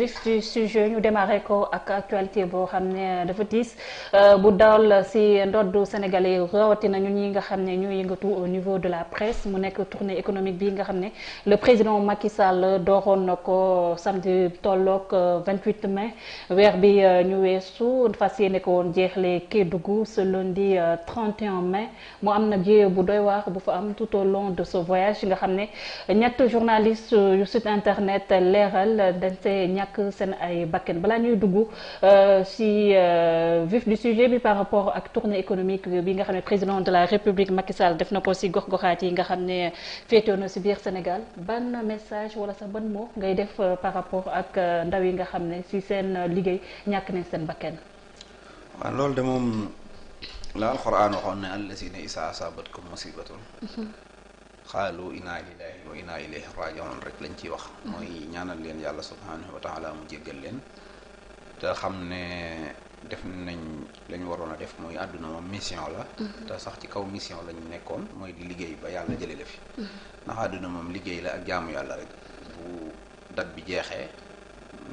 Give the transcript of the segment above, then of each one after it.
vif du sujet ñu démarré ko ak actualité boo xam ne dafa tiis euh, bu dal ci ndoddu sénégalais rawatina ñu ñi nga xam ne ñu yëngatu au niveau de la presse mu nekk tournée économique bi nga xam ne le président Macky Sall dooroon na ko samedi tolloog 28 euh, mai weer bi euh, ñu weesu fas yéene ko woon jeexle Kédougou ce lundi 31 mai mu am na jéego bu doy waar bu fa am tout au long de ce voyage nga xam ne ñett journaliste yu site internet leeral dañ see ñàkk seen ay bakken balaa ñuy dugg euh, si euh, vif du sujet bi par rapport ak tournée économique bi nga xam ne président de la république Macky Sall def na ko si gox-goxaat yi nga xam ne féetewoo na si biir Sénégal ban message wala sax ban mot ngay def euh, par rapport ak ndaw yi nga xam ne si seen liggéey ñàkk nañ seen bakken. waaw loolu de moom la alxuraan waxoon ne allazina isaa asaabatkum musibatun mhm. xaalu inna lillahi wa rek lañ ciy wax mm-hmm. mooy ñaanal leen yàlla subhanahu wa taala mu jéggal leen te xam ne def nañ lañ waroon a def mooy àdduna moom mission la mm-hmm. te sax ci kaw mission lañ nekkoon mooy di liggéey ba yàlla jële la fi mm-hmm. ndax àdduna moom liggéey la ak jaamu yàlla rek bu dat bi jeexee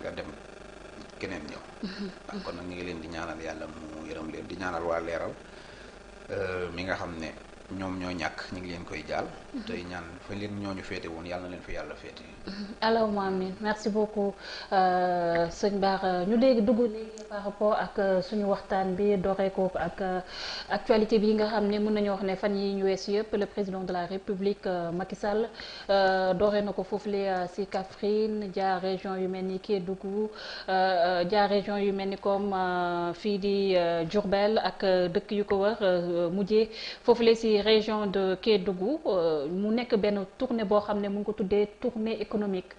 nga dem keneen ñëw ah, kon nag ñu ngi leen di ñaanal yàlla mu yërëm leen di ñaanal waa leeral euh, mi nga xam ne ñoom ñoo ñàkk ñu ngi leen koy jaal. tey ñaan fa leen ñooñu féete woon yàlla na leen fi yàlla féete. allahumma amin merci beaucoup euh, sëñ baax ñu dégg dugg par rapport ak euh, suñu waxtaan bi dooree ko ak euh, actualité bi nga xam ne mën nañu wax ne fan yi ñu weesu yëpp le président de la république euh, Macky Sall dooree na ko foofule si Kaffrine jaar yu mel ni Kédougou jaar région yu mel ni comme fii di Diourbel ak dëkk yu ko wër mujjee foofule si région de Kédougou mu nekk benn tournée boo xam ne mu ngi ko tuddee tournée économique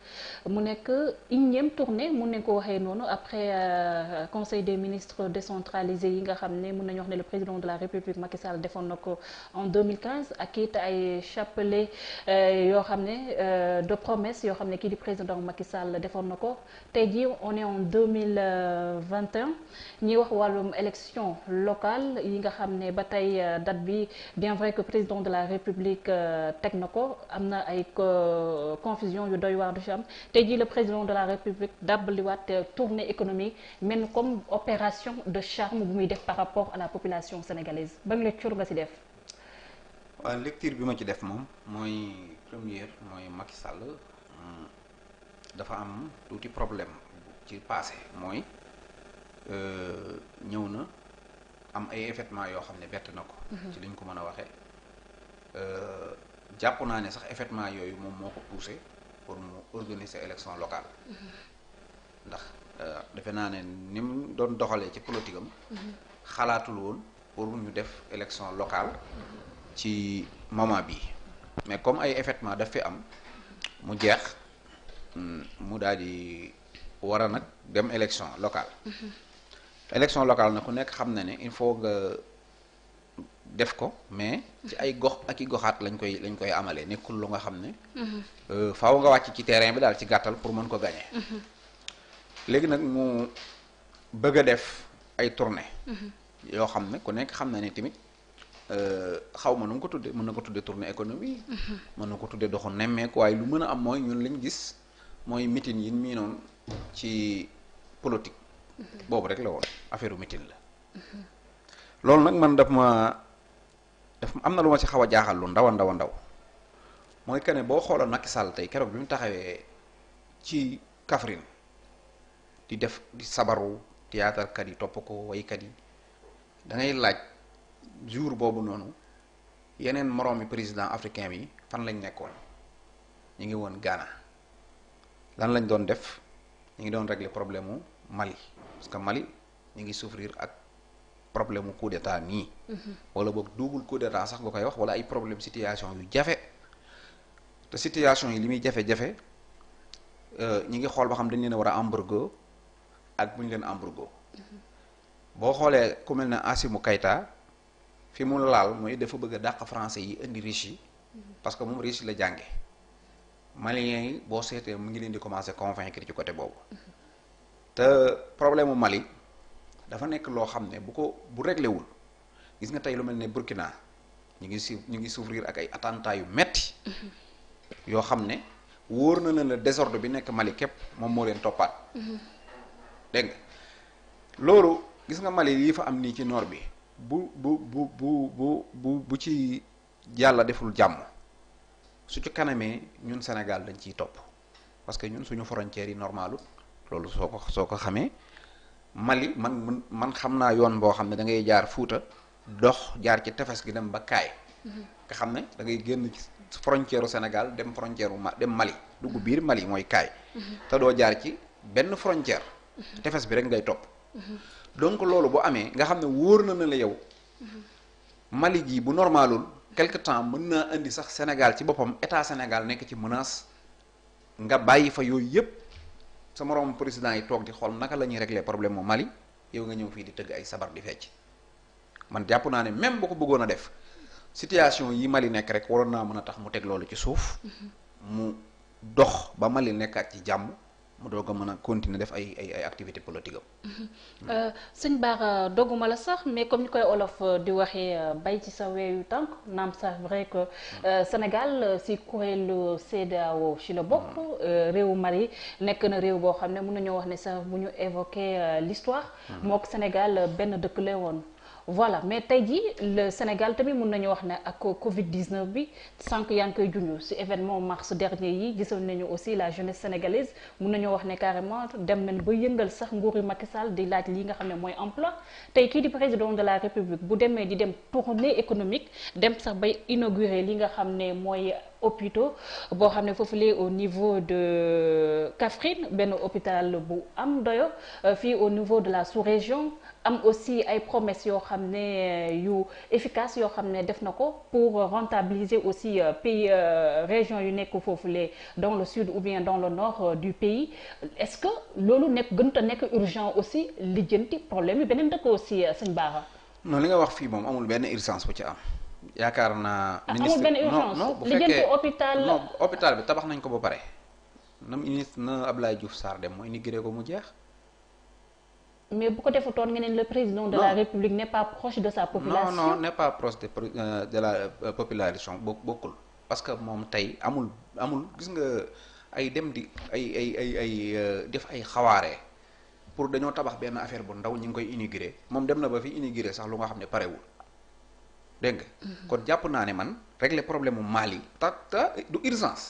mu nekk unième mun nañ ko waxee noonu après. conseil des ministres décentralisé yi nga xam ne mën nañu wax ne le président de la république Macky Sall na ko en ak it ay chapelet euh, yoo xam ne euh, de promesse yoo xam ne kii di président Macky Sall defoon na ko tey jii on est en 2021 ñi wax wàllum élection locale yi nga xam ne ba tey euh, date bi bien vrai que président de la république teg na ko am na ay confusion yu doy waar du ci tey jii le président de la république dàbbaliwaat tournée économique mel comme amul opération de charme bu muy def par rapport a la population sénégalaise ban lecture nga ci def. waaw lecture bi ma ci def moom mooy première mooy Macky Sall dafa am tuuti problème ci passé mooy euh, ñëw na am ay événements yoo xam ne bett na ko. Mhm. ci liñ ko mën a waxee. Euh, jàpp naa ne sax événement yooyu moom moo ko poussé pour mu organiser élection locale mhm. ndax. Euh, defe naa ne ni mu doon doxalee ci politique am xalaatul woon pour ñu def élection locale ci moment bi mais comme ay événement daf fi am mu jeex mm, mu daal di war nag dem élection local élection local na ku nekk xam na ne il faut nga def ko mais ci ay gox ak i goxaat lañ koy lañ koy amalee nekkul lu nga xam ne mhm. euh, faaw nga wàcc ci terrain bi daal ci gàttal pour mën ko gagner mhm. léegi nag mu bëgg a def ay tournée. Mhm. yoo xam ne ku nekk xam na ne tamit euh, xaw ma nu ko tuddee mën na ko tuddee tournée économie. Mhm. mën na ko tuddee doxu nemmeeku waaye lu mën a am mooy ñun liñ gis mooy mitin yi mii ci politique. Mhm. boobu rek la woon affaire mitin la. loolu nag man daf ma daf am na lu ma ci xaw a jaaxal lu ndaw a ndaw a ndaw mooy que ne boo xooloon Macky Sall tey keroog bi mu taxawee ci kafrin di def di sabaru théâtrekat yi topp ko waykat yi dangay ngay laaj jour boobu noonu yeneen moroomi président africain bi fan lañ nekkoon ñu ngi woon Ghana lan lañ doon def ñu ngi doon régler problème mu Mali parce que Mali ñu ngi souffrir ak problème mu coup d'état nii. Mhm. wala boog double coup d'état sax nga koy wax wala ay problème situation yu jafe te situation yi li muy jafe-jafe euh, ñi ngi xool ba xam dañ leen a war ak bu ñu leen embargo boo xoolee ku mel ne Assimi Goïta fi mu laal mooy dafa bëgg a dàq français yi indi riche yi que moom riche la jànge maliens yi boo seetee mu ngi leen di commencer convaincre ci côté boobu te problème mu Mali dafa nekk loo xam ne bu ko bu réglé wul gis nga tey lu mel ne Burkina ñu ngi si ñu ngi souffrir ak ay attentats yu metti yoo xam ne wóor na leen la désordre bi nekk Mali képp moom moo leen toppaat dégg loolu gis nga Mali lii fa am nii ci noor bi bu bu bu bu bu bu bu ci yàlla deful jàmm su ci kanamee ñun Sénégal dañ ciy topp parce que ñun suñu frontières yi normalu loolu soo ko soo ko xamee Mali man man xam naa yoon boo xam ne da ngay jaar Fuuta dox jaar ci tefes gi dem ba kaay nga xam ne da ngay génn ci frontière Sénégal dem frontière ma dem Mali dugg biir Mali mooy kaay mhm. te doo jaar ci benn frontière tefes bi rek ngay topp donc loolu bu amee nga xam ne wóor na na la yow Mali ji bu normalul quelque temps mën naa indi sax Sénégal ci boppam état Sénégal nekk ci mënaas nga bàyyi fa yooyu yëpp sa moroom président yi toog di xool naka la ñuy régler problème mu Mali yow nga ñëw fii di tëgg ay sabar di fecc man jàpp naa ne même boo ko bëggoon a def situation yi Mali nekk rek waroon naa mën a tax mu teg loolu ci suuf mm-hmm. mu dox ba Mali nekkaat ci jàmm mu doog ko mën a continuer def ay ay ay activité politique am. Euh, sëñ Bara dogguma la sax mais comme ni koy olof euh, di waxee euh, bay ci sa weeyu tànk naam c'est vrai que mm. Sénégal si kuréelu CEDEAO ci la bokk. Mm. réewu Mali nekk na réew boo xam ne mën nañoo wax ne sax bu ñu évoquer l'histoire mm. mook Sénégal benn dëkk la woon. voilà mais tey jii le Sénégal tamit mun nañu wax ne ak Covid 19 bi sànq yaa ngi koy junj si événement mars dernier yi gisoon nañu aussi la jeunesse sénégalaise mun nañoo wax ne carrément dem nañ ba yëngal sax nguuri Macky Sall di laaj li nga xam ne mooy emploi tey kii di président de la République bu demee di dem tournée économique dem sax bay inaugurer li nga xam ne mooy. hôpitaux boo xam ne foofu lee au niveau de Kaffrine benn hôpital bu am doyo euh, fii au niveau de la sous-région am aussi ay promesses yoo xam ne euh, yu efficace yoo xam ne def na ko pour rentabiliser aussi euh, pays région yu nekk foofu lee dans le sud ou bien dans le nord du pays est-ce que loolu nekk gën a nekk urgent aussi lijjanti problème yi beneen dëkk aussi sëñ Bara non li nga wax fii moom amul benn urgence bu ci am yaakaar naa. Ah, ministre amul bu fekkee hôpital non hôpital bi tabax nañ ko ba pare. na ministre na ab Abdoulaye Diouf Sarr dem mu inauguré ko mu jeex. mais bu ko defutoon nga ne le président de non. la république n'est pas proche de sa population euh, euh, population bo bokkul parce que moom tey amul amul gis nga ay dem di ay ay ay ay euh, def ay xawaare pour dañoo tabax benn affaire bu ndaw ñu ngi koy inauguré moom dem na ba fi inauguré sax lu nga xam ne parewul dégg nga. Mhm. kon jàpp naa ne man régler problème mu Mali. ta ta du urgence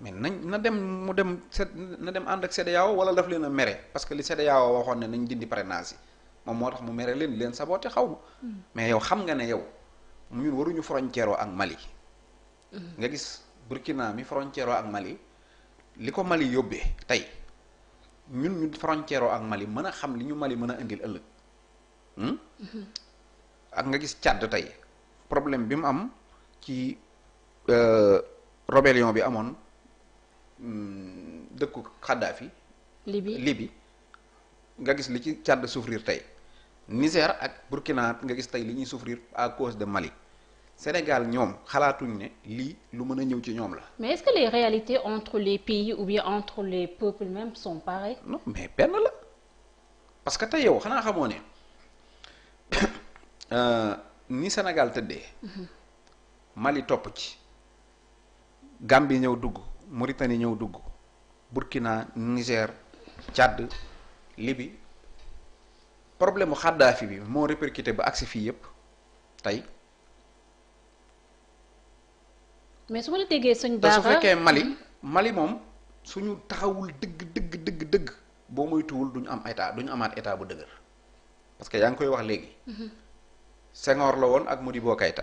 mais nañ na dem mu dem set na dem ànd ak CEDEAO wala daf leen a mere parce que li CEDEAO waxoon ne nañ dindi parrainage yi moom moo tax mu mere leen leen saboté xaw ma. Mhm. mais yow xam nga ne yow ñun waruñu frontière ak Mali. Mhm. nga gis Burkina mi frontière ak Mali li ko Mali yóbbee tey ñun ñu frontière ak Mali mën a xam li ñu Mali mën a indil ëllëg. Hmm? ak nga gis Tchad tey problème bi mu am ci euh, rébellion bi amoon hmm, dëkku Kadhafi Libye libi nga gis li ci càdd souffrir tey Niger ak Burkina nga gis tey li ñuy souffrir à cause de Mali Sénégal ñoom xalaatuñ ne lii lu mën a ñëw ci ñoom la. mais est-ce que les réalités entre les pays ou bien entre les peuples même sont pareilles. non mais benn la parce que tey yow xanaa xamoo ne. Euh, ni senegal tëddee. Mhm. Mali topp ci. Gambie ñëw dugg Mauritanie ñëw dugg Burkina Niger càdd Libye problème mu xàddaafi bi moo répercuté ba agsi fii yépp tey. mais su ma la déggee sëñ Bara te su fekkee Mali mhm. Mali moom suñu taxawul dëgg dëgg dëgg dëgg boo moytuwul duñu am état duñu amaat état bu dëgër parce que yaa ngi koy wax léegi. Mhm. Senghor la woon ak boo Keïta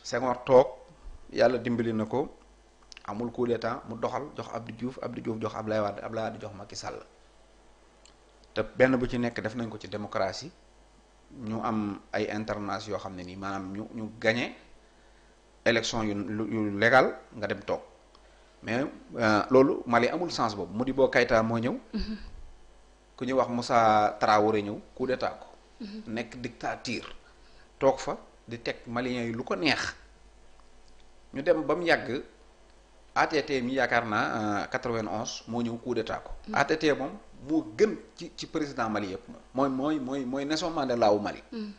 Senghor toog yàlla dimbali na ko amul coup mu doxal jox ab Abdou Diouf Abdou Diouf jox Abdoulaye Wade Abdoulaye Wade jox Macky Sall te benn bu ci nekk def nañ ko ci démocratie ñu am ay internats yoo xam ne nii maanaam ñu ñu gagné élection yu yu légal nga dem toog mais euh, loolu Mali amul sens boobu Modibo Keïta moo ñëw. Mm-hmm. ku ñuy wax Moussa Traoré ñëw coup ko nekk dictature toog fa di teg maliens yi lu ko neex ñu dem ba mu yàgg ATT mi yaakaar naa 91 euh, moo ñëw coup d'état ko mm. ATT moo gën ci ci président Mali yëpp moom mooy mooy mooy Nelson Mandela wu Mali mm.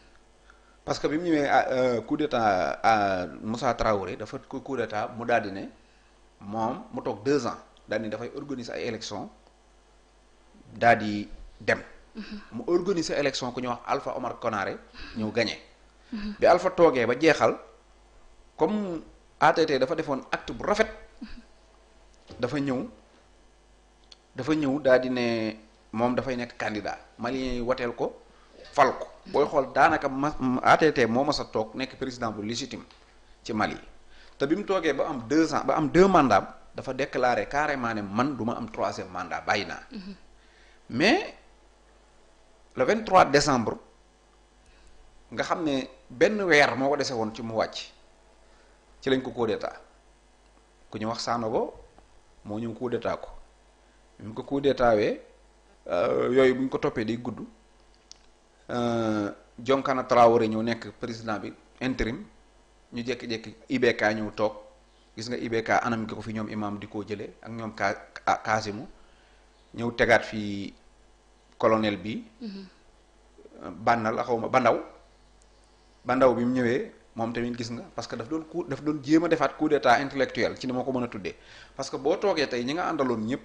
parce que bi mu ñëwee euh, euh, coup d'état à dafa coup mu daal di ne moom mu toog deux ans daal di dafay organiser ay élections daal di dem mu organiser élection ku ñuy wax Alpha Omar Konaré ñëw gagné. bi Alpha toogee ba jeexal comme ATT dafa defoon act bu rafet dafa ñëw dafa ñëw daal di ne moom dafay nekk candidat malien yi wateel ko fal ko booy xool daanaka ma ATT moo mas a toog nekk président bu légitime ci Mali te bi mu toogee ba am deux ans ba am deux mandats dafa déclaré carrément ne man du ma am troisième mandat bàyyi naa mhm. mais le 23 décembre nga xam ne benn weer moo ko dese woon ci mu wàcc ci lañ ko coup ku ñu wax ko moo ñëw coup d'état ko ñu ko coup d'état wee euh, yooyu buñ ko toppee day gudd euh, Jonkana Traoré ñëw nekk président bi intérim ñu jékki-jékki IBK ñëw toog gis nga IBK anam gi ko fi ñoom imam di ko jëlee ak ñoom Ka Kasimu ñëw tegaat fii. colonel bi mhm. bànnal ah, xaw ma bandaw bandaw bi mu ñëwee moom tamit gis nga parce que daf doon coup daf doon jéem a defaat coup d'état intellectuel ci ni ma ko mën a tuddee parce que boo toogee tey ñi nga àndaloon ñëpp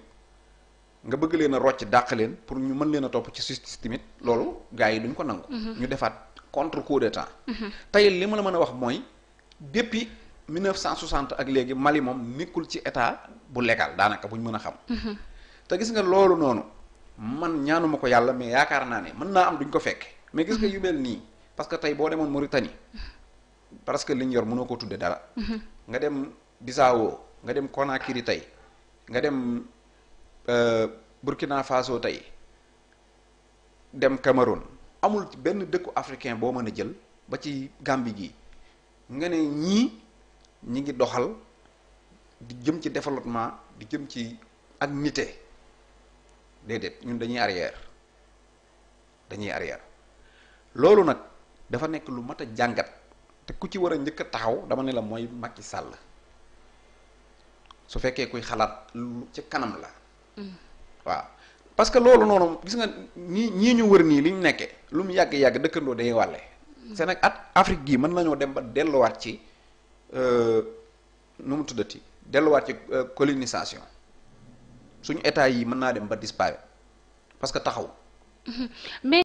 nga bëgg leen a rocc dàq leen pour ñu mën leen a topp ci justice tamit loolu gars yi duñ ko nangu mhm. ñu defaat contre coup d'état mhm. tey li ma la mën a wax mooy depuis 1960 ak léegi Mali moom nekkul ci état bu légal daanaka buñ mën a xam man ñaanuma ko yàlla mais yaakaar naa ne mën naa am duñ ko fekk mais gis nga yu mel nii parce que tey boo demoon Mauritanie parce que liñ yor mënoo ko tudde dara nga dem Bissau nga dem Conakry tey nga dem euh, Burkina Faso tey dem Cameroun amul benn dëkku africain boo mën a jël ba ci gàmbi gi nga ne ñii ñi ngi doxal di jëm ci développement di jëm ci ak nite déedéet ñun dañuy arrière dañuy arrière loolu nag dafa nekk lu mat a jàngat te ku ci war a njëkk a taxaw dama ne la mooy Macky sàll su fekkee kuy xalaat lu ci kanam la. Mm. waaw parce que loolu noonu gis nga ñii ñii ñu wër nii li ñu nekkee lu mu yàgg yàgg dëkkandoo day wàlle. Mm. seen ak at Afrique gii mën nañoo dem ba delluwaat ci euh, nu mu tuddati delluwaat ci euh, colonisation. suñu état yi mën naa dem ba disparaître parce que taxaw. mais